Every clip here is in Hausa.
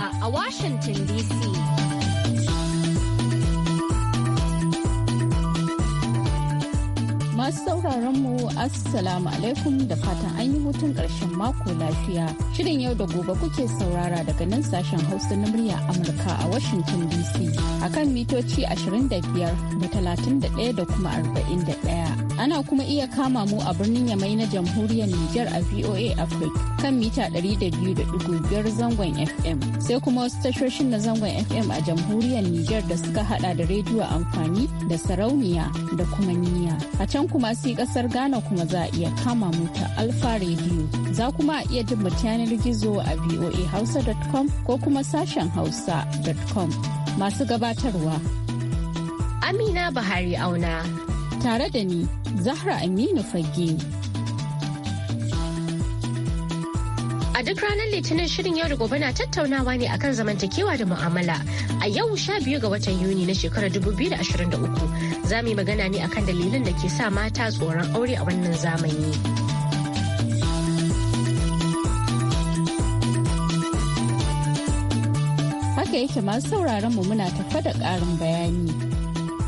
a Washington DC. Masu sauraron mu Assalamu alaikum da fatan an yi hutun ƙarshen mako lafiya. Shirin yau da gobe kuke saurara daga nan sashen Hausa na murya Amurka a Washington DC a kan mitoci 25 da 31 da kuma 41. Ana kuma iya kama mu a birnin Yamai na Jamhuriyar Nijar a VOA Africa. kan mita 200.5 zangon FM sai kuma wasu tashoshin na zangon FM a jamhuriyar Nijar da suka hada da rediyo amfani da sarauniya da kuma niya. A can kuma sai kasar Ghana kuma za a iya kama mu ta Alfa Radio. Za kuma a iya jin yanar gizo a voahausa.com ko kuma sashen hausa.com. Masu gabatarwa. Amina Bahari Auna. Tare da ni, Zahra Aminu fagge A duk ranar Litinin shirin yau da gobe na tattaunawa ne akan zamantakewa da mu'amala. A yau sha biyu ga watan Yuni na shekarar dubu biyu da da ashirin uku. za mu yi magana ne akan dalilin da ke sa mata tsoron aure a wannan zamani. Haka yake masu sauraron mu muna tafa da ƙarin bayani.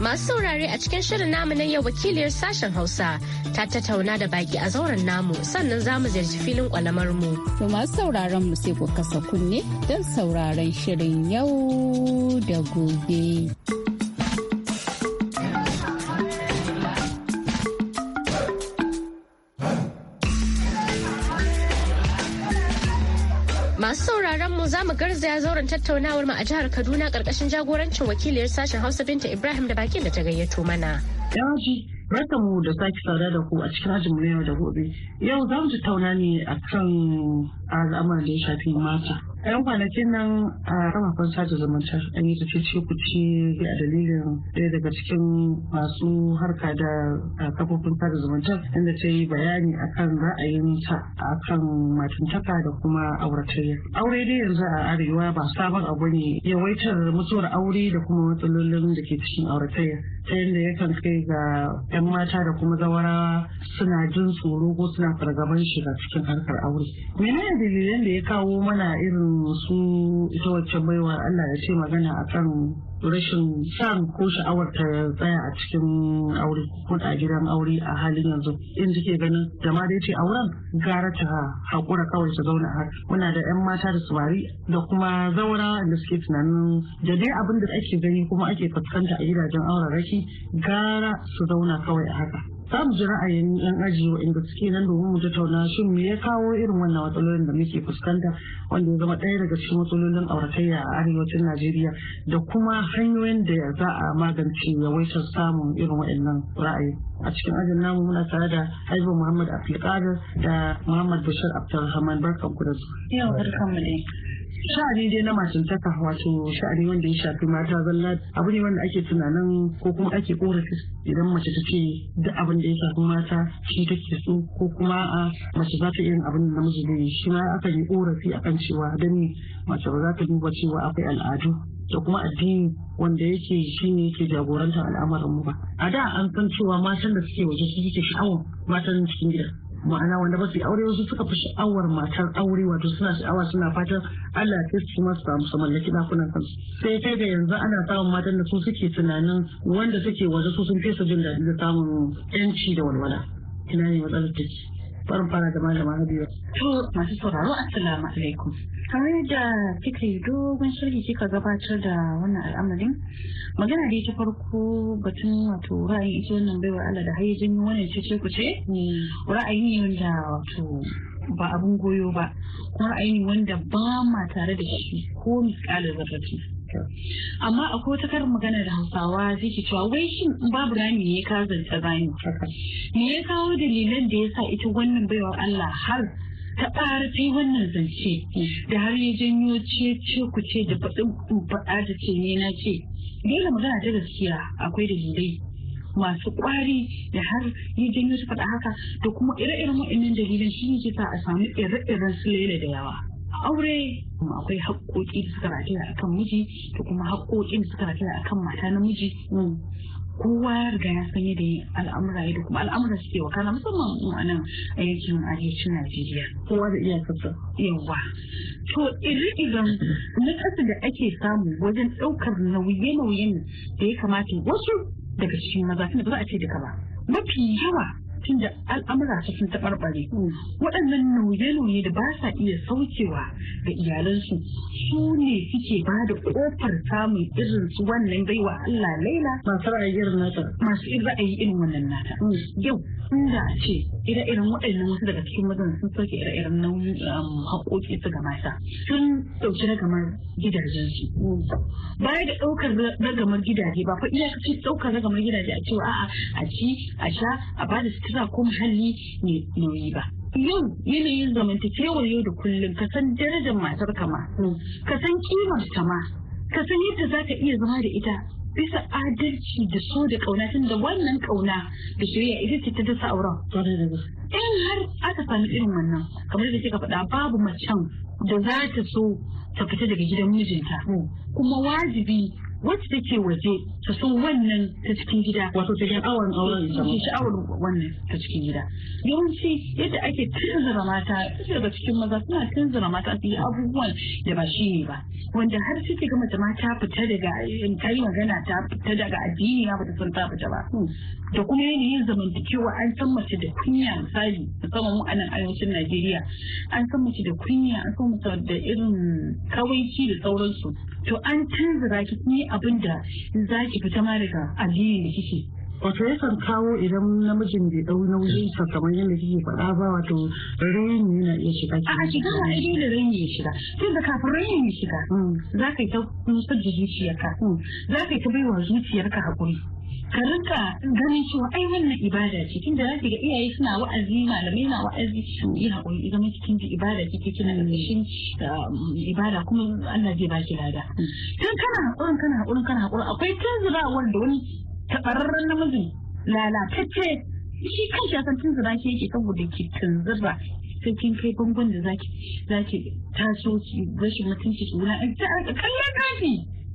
Masu saurare a cikin shirin namu na yau wakiliyar sashen Hausa ta tattauna da baki a zauren namu sannan za mu ziyarci filin kwalamar mu. To masu sauraron mu sai ku kasa kunne don sauraron shirin yau da gobe. za mu garzaya zauren tattaunawar mu a jihar Kaduna karkashin jagorancin wakiliyar sashen Hausa Binta Ibrahim da bakin da ta gayyato mana. Yaji barka mu da sake sada da ku a cikin ajin yau da gobe. Yau za mu tattauna ne akan al'amuran da ya shafi mata. 'yan kwanakin nan a kafafen sada zumunta an yi ce ku ci a dalilin daya daga cikin masu harka da kafofin sada zumunta inda ta yi bayani akan ra'ayinta kan matantaka da kuma auratayya aure dai yanzu a arewa ba sabon abu ne yawaitar mutuwar aure da kuma matsalolin da ke cikin auratayya ta yadda yakan kai ga 'yan mata da kuma zawarawa suna jin tsoro ko suna fargaban shiga cikin harkar aure menene dalilin da ya kawo mana irin su ita wacce baiwa Allah ya ce magana a kan rashin san ko sha'awar ta tsaya a cikin aure ko a gidan aure a halin yanzu in ji ke ganin da ma dai ce auren gara ta haƙura kawai ta zauna har muna da yan mata da samari da kuma zaura da suke tunanin da dai abin da ake gani kuma ake fuskanta a gidajen auren raki gara su zauna kawai a haka za ji ra'ayin yan aji inda suke nan domin mu tattauna shin me ya kawo irin wannan matsalolin da muke fuskanta wanda ya zama ɗaya daga cikin matsalolin auratayya a arewacin najeriya da kuma hanyoyin da za a magance yawaitar samun irin waɗannan ra'ayi a cikin ajin namu muna tare da haibu muhammad abdulkadir da muhammad bashir abdulrahman barkan ku yau barkan mu sha'ani dai na masu taka wato sha'ani wanda ya shafi mata zalla abu ne wanda ake tunanin ko kuma ake korafi idan mace ta ce duk abin da ya shafi mata shi take so ko kuma a mace za ta yi abin da namiji zai shi ma aka yi korafi kan cewa dan mace ba za ta duba cewa akwai al'adu da kuma addini wanda yake shi ne yake jagorantar al'amarin ba a da an san cewa matan da suke waje su suke sha'awar matan cikin gida ma'ana wanda ba su yi aure wasu suka fi sha'awar matar aure wato suna sha'awa suna fatan Allah ya su ma su samu mallaki dakunan kansu sai kai da yanzu ana samun matan da su suke tunanin wanda suke waje su sun fesa jin daɗi da samun yanci da walwala ina ne matsalar take barin fara da malama na biyu. To masu sauraro assalamu alaikum. Kamar yadda kika yi dogon sharhi kika gabatar da wannan al'amarin magana da ta farko batun wato ra'ayin ita wannan baiwa Allah da hayi janyo wannan cece ce hmm. ra'ayi ne wanda wato ba abun goyo ba kuma ra'ayi ne wanda ba ma tare da shi ko misalin zarafi. amma a wata karin magana da hausawa zai ke cewa wai shin babu rami ne ka zanta rami me ya kawo dalilan da ya sa ita wannan baiwar Allah har ta fi wannan zance da har ya janyo ce ku ce da faɗin faɗa da ce ne na ce dole magana ta gaskiya akwai dalilai masu ƙwari da har ya janyo su faɗa haka da kuma ire-iren waɗannan dalilan shi ne ke sa a samu ire-iren su da yawa aure Kuma akwai haƙƙoƙi da suka rataya kan miji da kuma haƙƙoƙi da suka rataya kan mata namiji mm. kowa ya riga ya san yadda al'amura da kuma al'amura suke wakana musamman mu a nan a yankin arewacin Najeriya. Kowa da iya sassa. Yawa. To iri idan na ƙasa da ake samu wajen ɗaukar nauye nauyin da ya kamata wasu daga cikin maza tunda ba za a ce duka ba. Mafi yawa da al'amura sun taɓarɓare hmm. waɗannan nauye-nauye da ba sa iya saukewa ga iyalansu su ne suke ba da ƙofar samun irin su wannan baiwa Allah laila masu ra'ayi irin nata masu irin ra'ayi irin wannan nata hmm. yau inda ce ire-iren waɗannan wasu daga cikin mazan sun sauke ire-iren nauyin um, haƙoƙi su ga mata sun ɗauki ragamar gidajen su hmm. baya da ɗaukar ragamar gidaje ba fa iyakacin ɗaukar ragamar gidaje a cewa a'a a ci a sha a ba da za kuma hali ne nauyi ba yau yanayin zamantakewar yau da kullum ka san darajar matar ka ma ka san kimar ta ma ka san yadda za ka iya zama da ita bisa adalci da so da kauna tun da wannan kauna da soyayya ita ce ta dasa auren in har aka sami irin wannan kamar da kika faɗa babu macen da za ta so ta fita daga gidan mijinta hmm. kuma wajibi wacce take waje ta so wannan ta cikin gida wato ta sha'awar auren sha'awar wannan ta cikin gida yawanci yadda ake tunzura mata daga cikin maza suna tunzura mata su yi abubuwan da ba shi ba wanda har suke ga mace ma ta fita daga in ta yi magana ta fita daga addini ya bata san ta fita ba hmm. da kuma yanayin zamantakewa an san mace da kunya misali musamman mu a nan arewacin Najeriya an san mace da kunya an san mace da irin kawaici da sauransu to an canza ki ni abin da za ki fita ma daga addini da kike wato kan kawo idan namijin bai dau nauyin sa kamar yadda kike faɗa ba wato raini yana iya shiga a shiga ba idan da rayin ya shiga da kafin rayin ya shiga mm. za ka yi ta nusar da zuciyarka mm. za ka yi ta baiwa zuciyarka hakuri ka rika ganin cewa ai wannan ibada ce tun da zaki ga iyaye suna wa'azi malamai na wa'azi su yi hakuri idan miki kin ji ibada kike kina nishin um, ibada kuma Allah zai baki lada tun kana haƙurin kana haƙurin kana haƙurin akwai tunzurawar da wani tabararren namiji lalatacce shi kanshi akan tunzura ke yake saboda ki tunzura sai kin kai bangon da zaki zaki taso ki rashin mutunci ki wula kallon kafi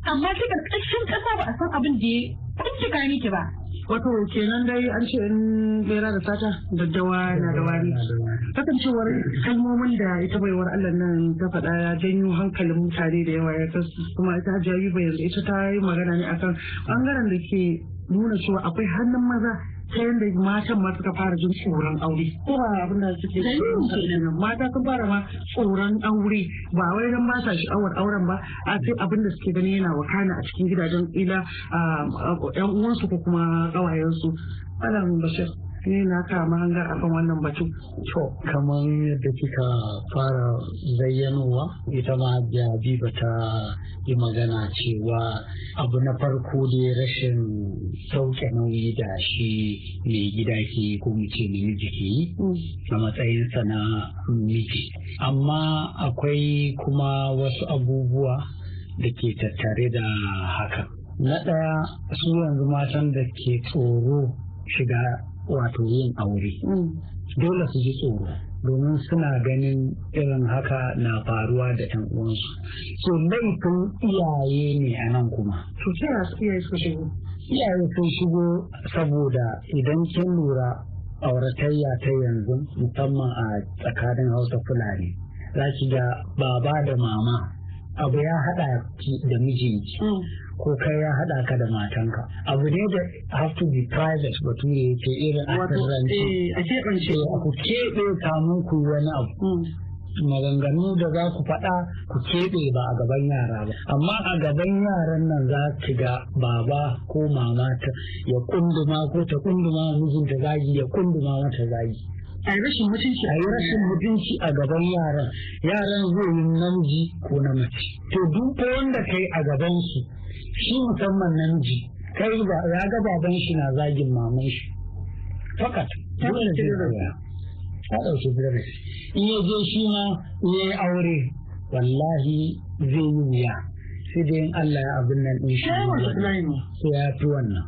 amma ta ƙarƙashin ƙasa ba a san abin da ya bincika miki ba wato kenan dai an ce in bera da sata daddawa na da wari kasancewar kalmomin da ita baiwar Allah nan ta faɗa ya janyo hankalin mutane da yawa ya kuma ita hajiya yuba yanzu ita ta yi magana ne akan bangaren da ke nuna cewa akwai hannun maza ta yadda matan ma suka fara jin tsoron aure ko ba abin da suke kenan mata sun fara ma tsoron aure ba wai dan mata sha'awar auren ba a sai abin da suke gani yana wakana a cikin gidajen ila yan uwansu ko kuma kawayensu alam bashir Ne na sa mahanga akan wannan batun. To, kamar yadda kika fara zayyanowa ita ma Habiba ta yi magana cewa abu na farko da rashin sauke nauyi da shi mai gida ke ko mu ce miji ke yi mm. a matsayinsa na miji. Amma akwai kuma wasu abubuwa da ke tattare da haka. Na ɗaya su yanzu matan da ke tsoro shiga wato yin aure mm. dole su ji tsoro domin suna ganin irin haka na faruwa da yan uwansu so laifin iyaye ne a nan kuma to su iyaye su shigo iyaye sun shigo saboda idan kin lura auratayya ta yanzu musamman a tsakanin hausa fulani za ki ga baba da mama abu ya haɗa ki da mijinki mm. ko kai ya haɗa ka da matanka abu ne da have to be private bature ke irin a ce eh, ku kebe kamun ku wani abu mm. maganganu da za ku faɗa ku keɓe ba a gaban yara ba amma a gaban yaran nan za ki ga baba ko mama ta ya kunduma ko ta kunduma mijinta zagi ya kunduma mata zagi a rashin mutunci a yi rashin mutunci a gaban yara yaran zai yi namiji ko na mace to duk wanda kai a gaban su shi musamman namiji kai ba ya ga baban shi na zagin maman shi fakat ta dauki birni in ya zo shi ma ya yi aure wallahi zai yi wuya sai dai in Allah abin nan in shi ya fi wannan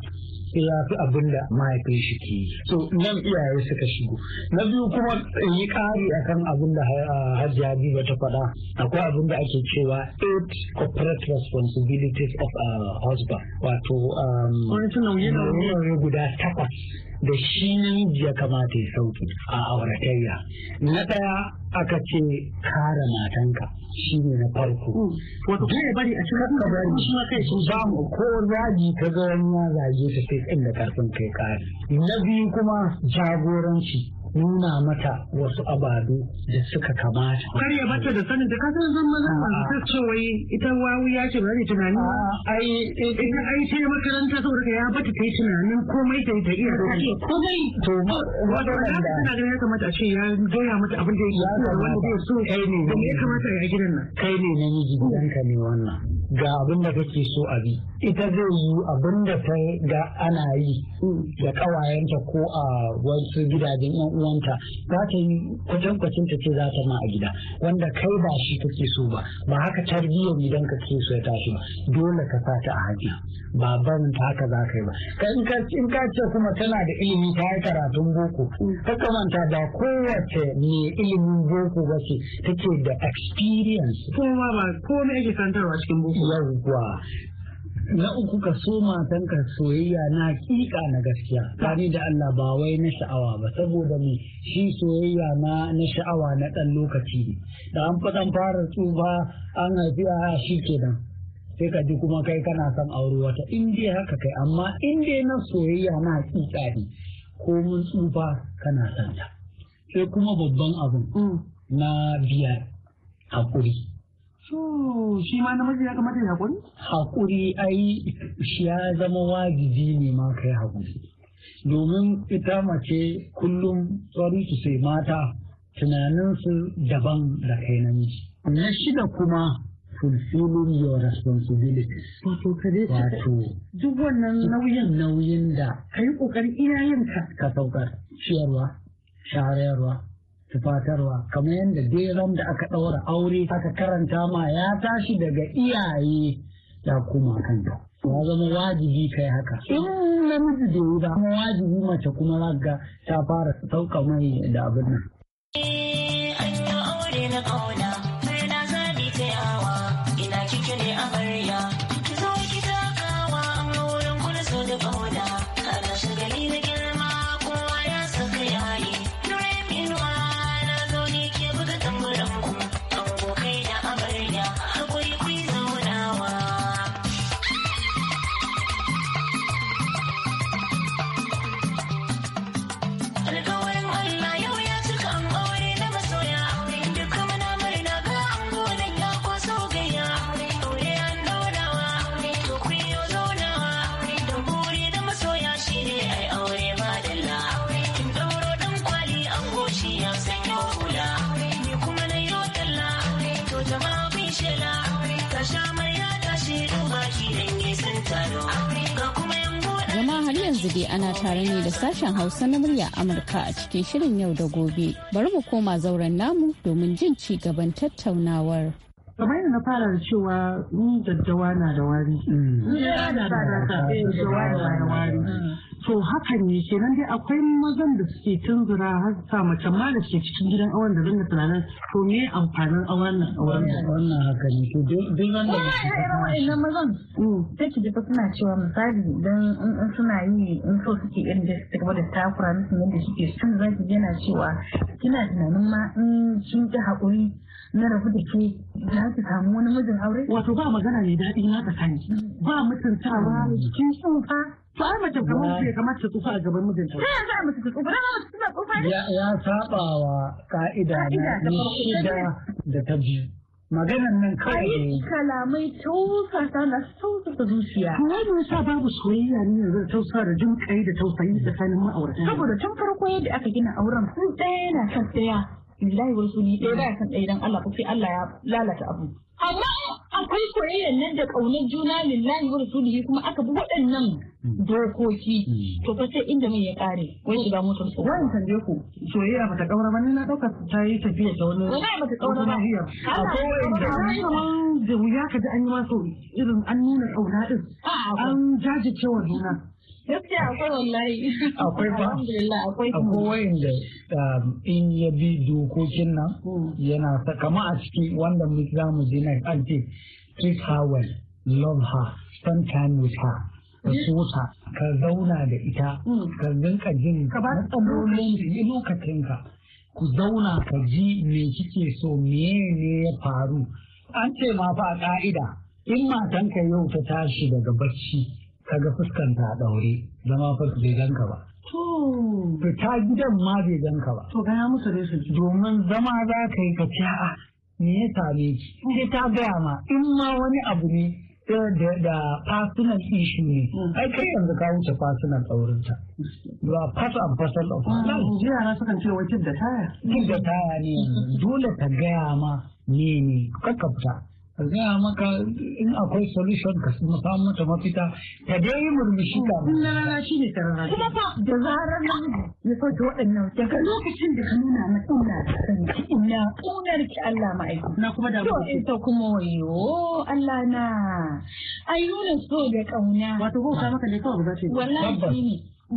ya fi abin da mahaifin shi ke yi so nan iyaye suka shigo na biyu kuma yi ƙari akan abin da hajji habiba ta faɗa akwai abin da ake cewa eight corporate responsibilities of a husband wato um, wani nauyi guda takwas da shi namiji ya kamata ya sauki a auratayya na ɗaya aka ce kare matanka shi ne na farko hmm. wato kai ya bari a cikin ka bari shi ma kai sun samu ko zaji ka ga wani ya zage ta sai inda karfin kai kare na biyu kuma jagoranci nuna mata wasu ababe da suka kamata. Kar ya bata da sanin da kasar zan maza ta wai ita wawiya ce ba ne tunani. Ai ita ai sai makaranta saboda ka ya bata ta yi tunanin komai da ita iya rage komai. To wanda tana ganin ya kamata a ce ya gaya mata abin da ya yi. wanda zai so kai ne. Ya kamata ya gidan nan. Kai ne namiji gidanka ne wannan. ga abin da kake so a bi ita zai yi abin da ta ga ana yi da kawayenta ko a wasu gidajen yan uwanta za ta yi kwacin ta ce za ta ma a gida wanda kai ba shi kake so ba ba haka tarbiyyar idan ka ke so ya tashi ba dole ka sa ta a haji ba ban ta haka za ka yi ba in ka ce kuma tana da ilimi ta yi karatun boko ta kamanta da kowace mai ilimin boko ba ce take da experience kuma ba cikin boko yawwa na uku ka so matan ka soyayya na kika na gaskiya kani da Allah ba wai na sha'awa ba saboda ni shi soyayya na na sha'awa na dan lokaci ne da an fadan fara tsufa an haifi a shi kenan sai ka ji kuma kai kana son aure wata in dai haka kai amma in dai na soyayya na kika ne ko mun tsufa kana son ta sai kuma babban abu mm. na biyar hakuri shi ma namiji ya kamata ya haƙuri? Haƙuri ai ya zama wajibi ne ma kai haƙuri. Domin ita mace kullum tsari su sai mata tunaninsu daban da kai namiji. Na shida kuma fulfilling your responsibilities. Wato ka dai Wato. Duk wannan nauyin nauyin da ka yi ƙoƙarin iyayenka. Ka saukar ciyarwa, sharayarwa, tufatarwa kamar yadda dai da aka ɗaura aure aka karanta ma ya tashi daga iyaye ya koma kanta ya zama wajibi kai haka in namiji da yi ba wajibi mace kuma ragga ta fara sauka mai da abin nan. Eh, yanzu ana tare ne da sashen Hausa na murya Amurka a cikin shirin yau da gobe. Bari mu koma zauren namu domin jin ci gaban tattaunawar. kamar yadda na fara da cewa ni daddawa na da wari. Mm. Ni daddawa na da wari. to hakan ne kenan dai akwai mazan da suke tunzura har sa mace ma da ke cikin gidan awon da zanga tunanin to me amfanin auren nan a wannan haka ne to duk wanda wa'annan mazan mm. sai ki ji suna cewa misali don in suna yi in so suke irin da suke gaba da takura musu yadda suke sun zaki yana cewa kina tunanin ma in sun ki haƙuri na rabu da ke za ki samu wani mijin aure? Wato ba magana mai daɗi na tsakani ba mutuntawa kin tsufa. To ai mace ga mutum ya kamata tsufa a gaban mijinta. Ta yanzu a mace tsufa dama mace tana tsufa ne. Ya saba wa ka'ida na shida da ta biyu. Maganar nan kawai ne. Ai kalamai tausasa na tausasa zuciya. Ko wani sa babu soyayya ne yanzu tausa da jin kai da tausayi tsakanin ma'aurata. Saboda tun farko yadda aka gina auren sun ɗaya na son ɗaya. billahi wa rasuli ɗaya ba ya san ɗaya dan Allah ko sai Allah ya lalata abu amma akwai soyayyar nan da ƙaunar juna lillahi wa rasulihi kuma aka bi waɗannan hmm. dokoki hmm. to fa sai inda mai ya kare wai shiga motar su wani tambaye ku soyayya ta ƙaura ba ni na ɗauka ta yi tafiya da wani wani mata ƙaura ba akwai wanda da wuya kaji an yi maso irin an nuna ƙauna ɗin. an wa juna Gaskiya akwai wallahi. Akwai ba? akwai. Akwai wayanda um, in ya bi dokokin nan hmm. yana sa a ciki wanda mu za mu je na an ce treat her well, love her, spend time with her. Ka so ta, ka zauna da ita, hmm. ka rinka jin lokacin ka, Ku zauna ka ji me kike so me ne ya faru. An ce ma fa ka'ida in matanka yau ta tashi daga bacci kaga fuskan ta daure zama fa bai ganka ba to ta gidan ma bai ganka ba to gaya musu dai su domin zama za ka yi ka ci me ya same ki sai ta gaya ma in ma wani abu ne da personal issue ne hmm. ai kai yanzu ka wuce personal auren ta ba part and parcel of life jiya na sukan cewa wai da taya kin da taya ne dole ta gaya ma ne ne kakkafta fita ka gaya maka in akwai solution ka samu mata mafita Ta dai yi murmushi ka Na lalala shi ne tarara kuma fa da zarar nan ya sauke waɗannan daga lokacin da ka nuna na ina ina ƙunar ki Allah aiki. na kuma da to in ta kuma wayo Allah na ai nuna so da ƙauna wato ko ka maka ne kawai ba za ta yi ne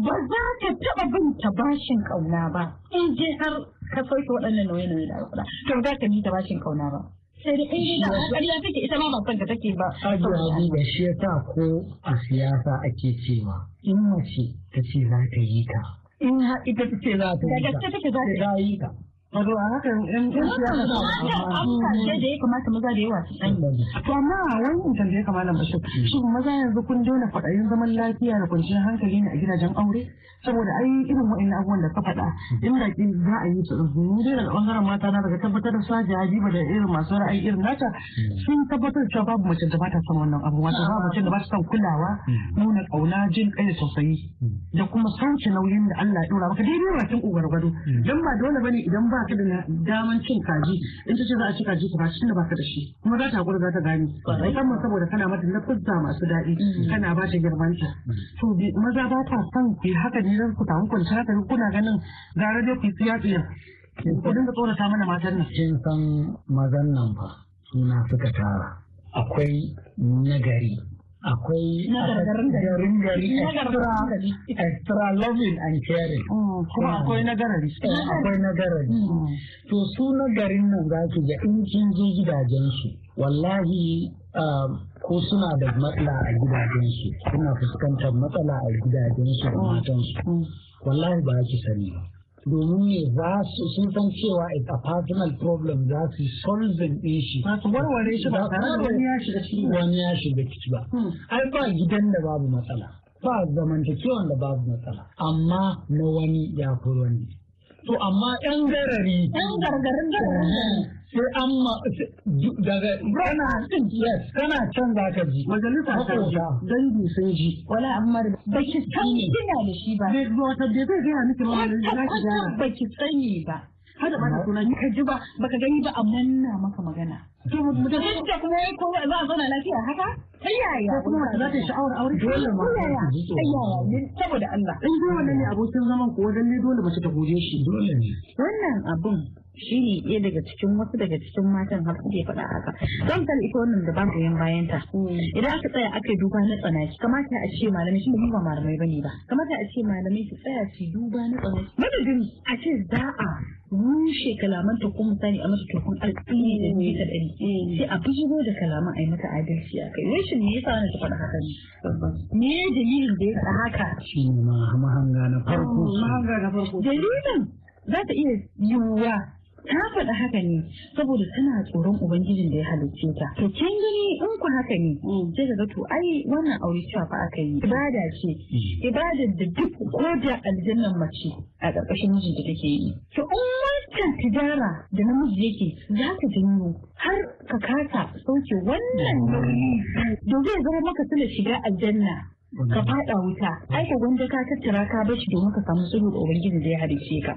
ba za ta taɓa bin ta bashin ƙauna ba in je har ka sauke waɗannan na nauye da ya faɗa to ba za ka bi ta bashin ƙauna ba sai da in da ita ma ba son take ba ajiya ba ya sa ko a siyasa ake cewa in mace ta ce za ta yi ka in ha ita ta ce za ta yi ka Da ta yi ka Wato a hakan yan yan siyasa da da ya kamata maza da yawa su sani. To amma a mutum da ya kamata bashir shi maza yanzu kun daina faɗayin zaman lafiya da kwanciyar hankali ne a gidajen aure saboda ai irin waɗannan abubuwan da ka faɗa inda kin za a yi su mu dai daga ɓangaren mata na daga tabbatar da sajiya habiba da irin masu ra'ayi irin nata sun tabbatar cewa babu mace da ba ta son wannan abu wato babu mace da ba ta son kulawa nuna ƙauna jin kai da tausayi da kuma sauke nauyin da Allah ya ɗora maka daidai bakin ƙogar gwado don ba dole bane idan ba ta da daman cin kaji in ta ce za a ci kaji ka ba shi ba ka da shi kuma za ta hakura za ta gane musamman saboda kana mata lafuzza masu daɗi kana mm-hmm. ba ta ta to maza ba ta son ki haka ne zan ku samu kwanciyar haka kuna ganin gara dai ku yi tsiya tsiya ku dinga tsorata mana matan nan. Kin san mazan nan fa suna suka tara akwai nagari akwai ah, garin gari extra loving and caring oh, kuma akwai nagarari akwai nagarari hmm. to su nagarin garin nan za ki ga in kin je gidajen su wallahi ah, ko suna da matsala a gidajen su suna fuskantar matsala a gidajen su da oh. matansu hmm. wallahi ba ki sani ba domin ne za su sun san cewa it's a personal problem za su solving din shi su warware shi ba tare da wani ya shiga ciki wani ya shiga ciki ba hmm. ai ba gidan da babu matsala ba zamantakewan da babu matsala amma na wani ya furo ne to amma yan garari yan gargarin garari eh. sai an ma daga kana din yes kana can za ka ji majalisa ta wuta dangi sun ji wala amma ba ki san kina da shi ba zai zo ta bai ga miki ma na ki ba ki sani ba hada ba da sunan ka ji ba baka gani ba amma na maka magana mu tafi da kuma yayi ko za a zauna lafiya haka ta yaya ko kuma za ta sha'awar aure dole ma ta saboda Allah in dai wannan ne abokin zaman ko dan ne dole mace ta goje shi dole ne wannan abun shi ne ɗaya daga cikin wasu daga cikin matan har suke faɗa haka don kan ita wannan da ban goyon bayan ta mm. idan aka tsaya aka duba na tsanaki kamata a ce malamai shi ba malamai bane ba kamata a ce malamai su tsaya su duba na tsanaki madadin a ce za a rushe kalamanta ko misali a masa tukun alƙini da ne ta ɗari Eh. sai a bujiro da kalaman a yi mata adalci a kai rashin me yasa wani ta faɗa haka ne me dalilin da ya faɗa haka shi ne mahanga na farko oh, mahanga na farko dalilin za ta iya yiwuwa ta faɗa haka ne saboda tana tsoron ubangijin da ya halicce ta to kin gani in ku haka ne mm. sai ka ga to ai wannan aure cewa fa aka yi ibada ce mm. ibada da duk ko da aljannan mace a ƙarƙashin mijinta take yi to in kan tijara da namiji yake za ta janyo har ka kasa sauke wannan da zai zama maka suna shiga aljanna ka fada wuta ai ka gwanda ka tattara ka bashi domin ka samu sulhu da ubangiji da ya halice ka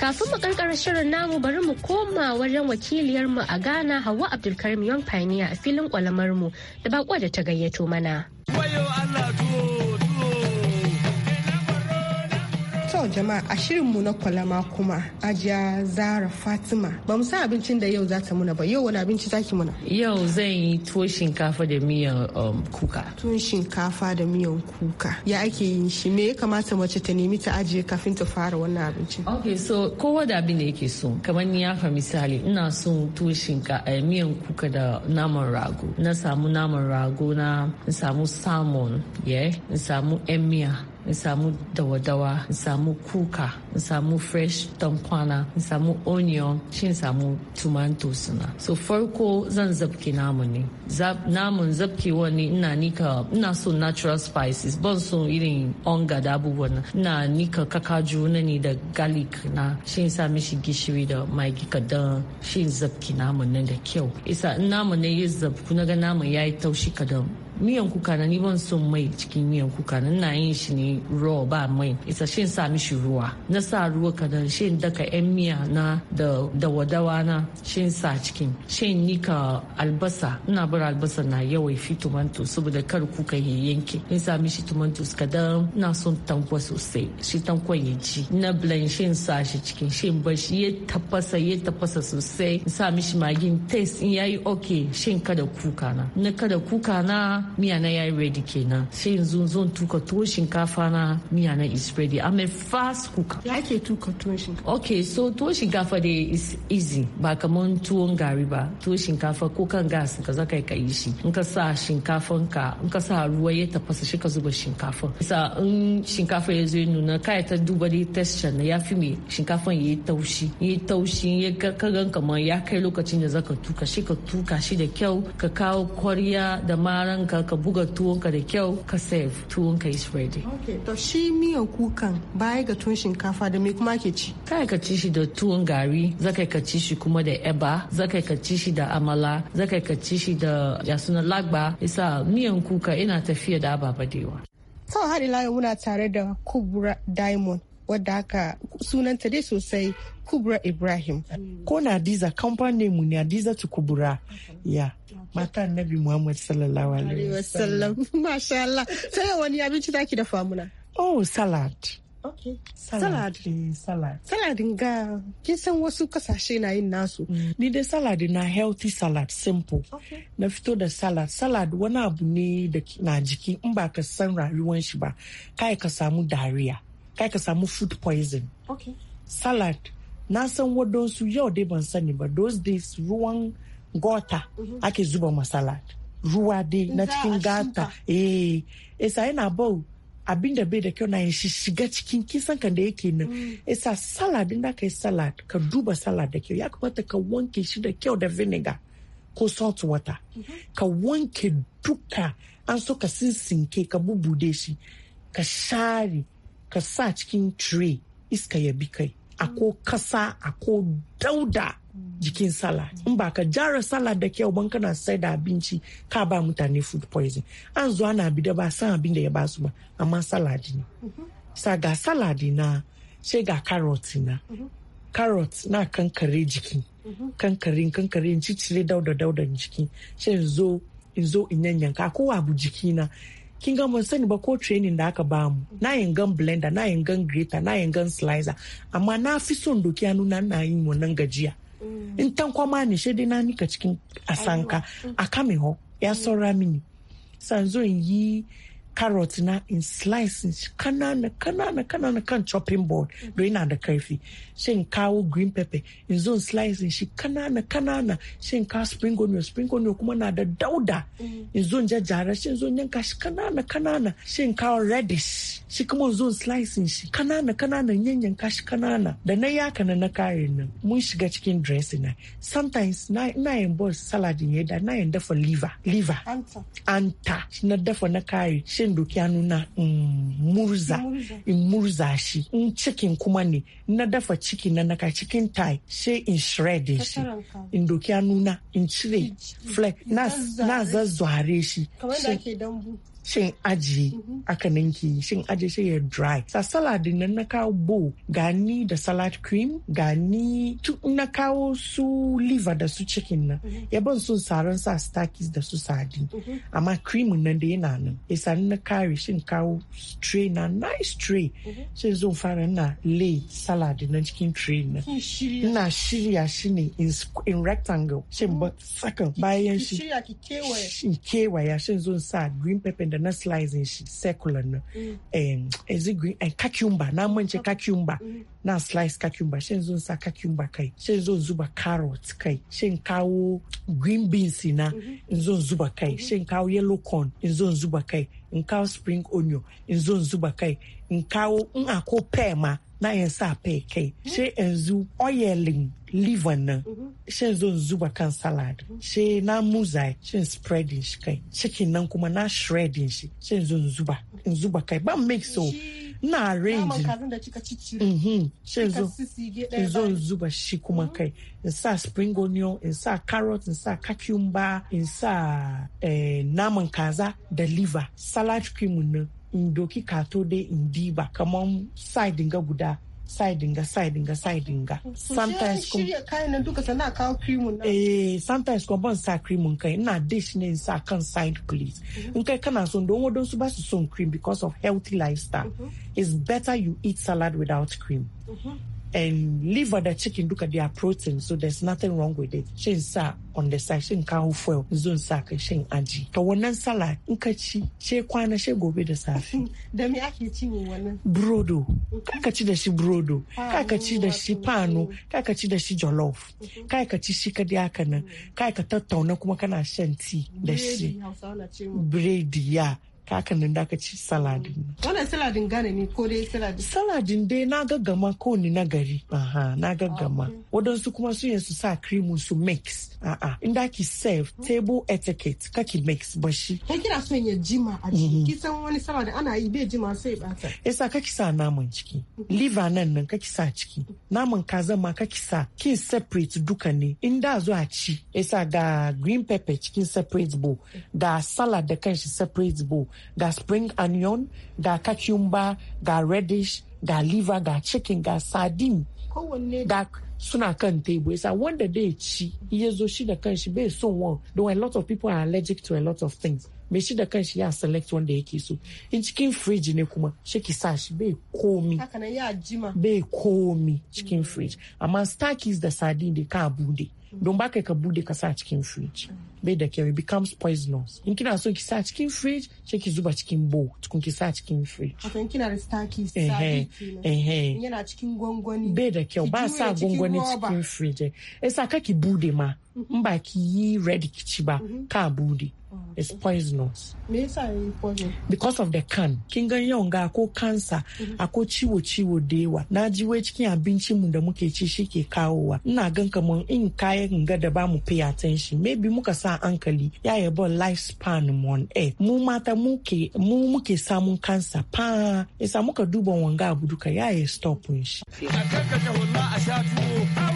Kafin mu karkara shirin namu bari mu koma wajen wakiliyarmu a Ghana Hauwa Abdulkarim Young Pioneer a filin ƙwalamar mu da bako da ta gayyato mana. To jama'a a shirinmu na kwalama kuma ajiya Zara Fatima ba mu san abincin da yau za ta muna ba yau wani abinci zaki muna. Yau zan yi tuwon shinkafa da miyan um, kuka. Tuwon shinkafa da miyan kuka ya ake yin shi me ya kamata mace ta nemi ta ajiye kafin ta fara wannan abincin. Ok so kowa da abin da yake so kamar ni ya fa misali ina son tuwon shinkafa eh, miyan kuka da naman rago na samu naman rago na samu salmon yeah in samu emiya in samu dawadawa in samu kuka in samu fresh tankwana in samu onion shi in samu tomatoes na so farko zan zabke namu ne namun zabke wani ina nika ina so natural spices ban so irin onga da abubuwan na ina nika kakaju na ne da garlic na shi in sa shi gishiri da magi don shi in zabke namun nan da kyau isa namun ne ya zabku na ga namun ya yi taushi kadan miyan kuka na ni ban son mai cikin miyan kuka na ina yin shi ne raw ba mai isa shin sa mishi ruwa na sa ruwa kadan shin daka yan miya na da dawadawa na shin sa cikin shin ka albasa ina bar albasa na yawai fi tumanto saboda kar kuka ya yanke in sa mishi tumanto kadan na son tankwa sosai shi tankwan ya ji na blend shin sa shi cikin shin ba shi ya tafasa ya tafasa sosai in sa mishi magin taste in yayi okay shin kada kuka na na kada kuka na miya na yayi ready kenan sai yanzu zon tuka tuwon shinkafa na miya na is ready i'm a fast cooker ya ke tuka tuwon shinkafa okay so tuwon shinkafa dai is easy ba kaman tuwon gari ba tuwon shinkafa ko kan gas ka za ka yi shi in ka sa shinkafan ka in ka sa ruwa ya tafasa shi ka zuba shinkafa. sa in shinkafa ya zo nuna kai ta duba dai texture na ya fi me shinkafan ya yi taushi ya yi taushi ya gan kamar ya kai lokacin da zaka tuka shi ka tuka shi da kyau ka kawo kwarya da maran ka ka ka buga tuwonka da kyau ka save tuwonka is ready okay to shi miyan kukan baya ga tuwon shinkafa da me kuma ke ci kai ka ci shi da tuwon gari zakai ka ci shi kuma da eba zakai ka ci shi da amala zakai ka ci shi da yasuna lagba isa miyan kuka ina tafiya da ababa dewa to har muna tare da kubra diamond wadda aka sunanta dai sosai kubra ibrahim mm. ko na adiza kamfanin mu ne Adiza ta kubura ya mata annabi muhammad sallallahu alaihi wasallam masha Allah sai wani abinci taki da famuna oh salad Salad. Salad. Eh, salad ga kin san wasu kasashe na yin nasu. Mm. Ni dai salad na healthy salad simple. Na fito da salad. Salad wani abu ne da na jiki in ba ka san rayuwan shi ba. Kai ka samu dariya. kai ka samu food poison salad na san wadansu yau dai ban sani ba those days ruwan gota mhm. ake zuba ma salad ruwa dai na cikin gata eh isa yana bau abin da bai da kyau na shiga cikin kisan kan da yake nan isa mm. salad din da ka yi salad ka duba salad da kyau ya kamata ka wanke shi da kyau da vinegar ko salt water mhm. ka wanke duka an so ka sinsinke ka bubude shi ka share ka sa cikin tray iska ya bi kai A ko kasa a ko dauda jikin salad in ba ka jara salad da kyau ban kana sai da abinci ka ba mutane food poison an zuwa na bi da ba san abin da ya ba su ba amma salad ne sa ga salad na sai ga carrot na carrot na kankare jiki kankarin kankarin cicire dauda dauda jiki sai zo in zo in yanyanka ko abu jiki na kin ga mun sani ba ko training da aka mu na yin gan blender na yin gan grater na yin gan slicer amma na fi son doki hannu na na yin wannan gajiya mm. in tan kwama ne shi na nika cikin asanka mm. a kame ho ya saura mini sanzo in yi carrot na in slices kanana kanana kanana kan chopping board Do mm. ina da karfi Shin in kawo green pepper in zone in slicing shi kanana kanana Shin in kawo spring onion spring onion kuma na da dauda mm. in zone in jajjara sai in zo in yanka shi kanana kanana Shin in kawo radish shi kuma in zo in slicing shi kanana kanana yanyanka shi kanana da na ya na na kare nan mun shiga cikin dressing na sometimes na yin boss salad ne da na yin dafa liver liver anta anta na dafa na kare shi shin doki in murza in murza shi in cikin kuma ne na dafa ciki na naka cikin tai sai in shred shi in doki in cire flake na zazzware shi shin aji mhm. aka ninki shin aji shi ya dry sa salad nan na kawo bo gani da salad cream gani na kawo su liver da su chicken na. Mhm. ya ban sun saran sa stakis da su sadi mhm. amma cream nan da yana nan ya sani na kare shin kawo tray na nice tray shin zo fara na lay salad nan cikin tray na. ina shirya shi ne in rectangle shin ba sakan bayan shi ki kewaya shin zo sa green pepper da na slicing shi circular nan yanzu mm. green and cucumber na mance cucumber mm. na slice cucumber shin zo sa cucumber kai shin zo zuba carrot kai shin kawo green beans na in mm-hmm. zo zuba kai mm-hmm. shin kawo yellow corn in zo zuba kai in kawo spring onion in zo zuba kai in kawo in ako pear ma na yin sa pear kai mm-hmm. shin yanzu oiling liver nan shan zo zuba kan salad mm-hmm. shi na muza shan spreading shi kai chicken nan kuma na shredding shi shin zo zuba in zuba kai ban mix so na arrange mhm shan zo in zo zuba shi kuma mm-hmm. kai in sa spring onion in sa carrot in sa cucumber in sa eh, naman kaza da liver salad cream nan in doki kato dai in diba kamar side nga guda sidinga sidinga sidinga sometimes kun shirya kayan nan duka sana kawo cream nan eh sometimes kun ban sa cream kai ina dish ne sa kan side please mhm. in kai kana son don wadon su ba su son cream because of healthy lifestyle mm it's better you eat salad without cream mm -hmm. and liver da chicken duka they are protein so there's nothing wrong with it shin sa on the side shin kawo fuel zon sa ka shin aji to wannan salad in ka ci she kwana she gobe da safe da me ake ci wannan brodo ka ci da shi brodo ka ka ci da shi pano ka ka ci da shi jollof mm-hmm. ka ka ci shi ka haka nan ka K'a tattauna kuma kana shan ti da shi biredi ya kakannin da ka ci saladin. Wannan saladin gane ne ko dai saladin? Saladin dai na gaggama ko ni na gari. Aha, na gaggama. Wadansu kuma su yin su sa cream su mix. A'a, in da ki serve table etiquette ka ki mix ba shi. Kai kina son ya jima a ciki. Mhm. Ki san wani saladin ana yi bai jima sai bata. Yasa kaki sa naman ciki. Liver nan nan kaki sa ciki. Naman kaza ma kaki sa. Kin separate duka ne. In da zo a ci. Yasa ga green pepper cikin separate bowl. Ga salad da kanshi separate bowl. ga spring onion ga cucumber ga reddish ga liver ga chicken ga sardine kowanne da suna kan table isa wanda dai ci iya zo shi da kanshi bai son wan don a lot of people are allergic to a lot of things Me shi da kanshi ya select wanda yake so in cikin fridge ne kuma shi ki sa shi bai komi bai komi cikin fridge amma starkies da sardine da ka bude don ba kai ka bude ka sa cikin fridge bai da kyau becomes poisonous in kina so ki sa cikin fridge sai ki zuba cikin bowl tukun ki sa cikin fridge wato in kina da staki eh eh, eh, eh. yana cikin gwangwani bai da kyau ba sa gwangwani cikin fridge eh saka ki bude ma in ba ki yi ready ki ci ba mm-hmm. ka bude Mm. is poisonous. Me yasa poison? Because of the can. Kin gan yau ga ko cancer, mm-hmm. ako ciwo-ciwo da yawa. Na ji wai cikin abincin mu da muke ci shi ke kawowa. Ina gan kamar in kayan ga da ba mu pay attention. Maybe muka sa hankali ya yaba life span mu on air. Mu mata muke mu muke samun cancer pa. Isa muka duba wanga abu duka ya yi stop shi. A kakkata wallah a sha tuwo.